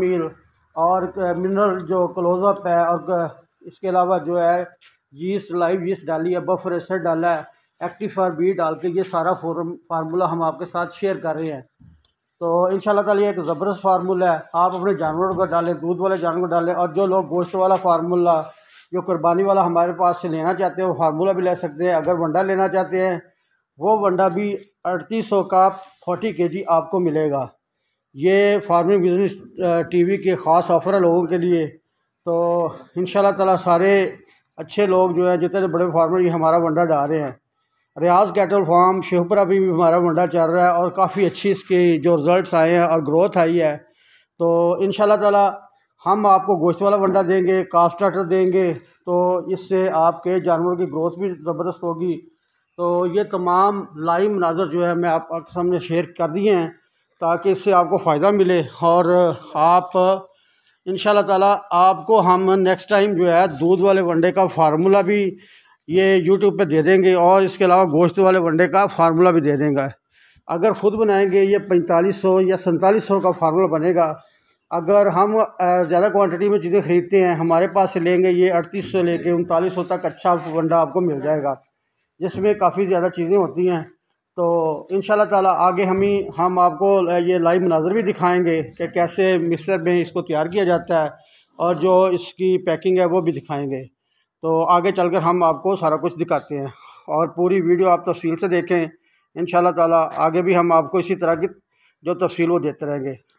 मील और मिनरल जो क्लोजअप है और इसके अलावा जो है जीस्ट लाइव जीस्ट डाली है बफर एसड डाला है एक्टिव फार बी डाल के ये सारा फॉर्म फार्मूला हम आपके साथ शेयर कर रहे हैं तो इन शाला ये एक ज़बरदस्त फार्मूला है आप अपने जानवरों को डालें दूध वाले जानवर को डालें और जो लोग गोश्त वाला फार्मूला जो कुर्बानी वाला हमारे पास से लेना चाहते हैं वो फार्मूला भी ले सकते हैं अगर वंडा लेना चाहते हैं वो वंडा भी अड़तीस सौ का फोर्टी के जी आपको मिलेगा ये फार्मिंग बिजनेस टीवी के ख़ास ऑफ़र है लोगों के लिए तो इन ताला सारे अच्छे लोग जो है जितने बड़े फार्मर ये हमारा वंडा डाल रहे हैं रियाज कैटल फार्म शेहपुरा भी, भी हमारा वंडा चल रहा है और काफ़ी अच्छी इसके जो रिज़ल्ट आए हैं और ग्रोथ आई है तो इन ताला हम आपको गोश्त वाला वंडा देंगे कास्ट स्टार्टर देंगे तो इससे आपके जानवरों की ग्रोथ भी ज़बरदस्त होगी तो ये तमाम लाइव मनाजर जो है मैं आपके सामने शेयर कर दिए हैं ताकि इससे आपको फ़ायदा मिले और आप इन ताला आपको हम नेक्स्ट टाइम जो है दूध वाले वनडे का फार्मूला भी ये यूट्यूब पे दे देंगे और इसके अलावा गोश्त वाले वनडे का फार्मूला भी दे देंगे अगर ख़ुद बनाएंगे ये पैंतालीस सौ या सैंतालीस सौ का फार्मूला बनेगा अगर हम ज़्यादा क्वांटिटी में चीज़ें ख़रीदते हैं हमारे पास से लेंगे ये अड़तीस सौ लेके उनतालीस सौ तक अच्छा वंडा आपको मिल जाएगा जिसमें काफ़ी ज़्यादा चीज़ें होती हैं तो इन ताला आगे हम ही हम आपको ये लाइव मनाजर भी दिखाएंगे कि कैसे मिक्सर में इसको तैयार किया जाता है और जो इसकी पैकिंग है वो भी दिखाएंगे तो आगे चलकर हम आपको सारा कुछ दिखाते हैं और पूरी वीडियो आप तफसील से देखें इन ताला आगे भी हम आपको इसी तरह की जो तफसील वो देते रहेंगे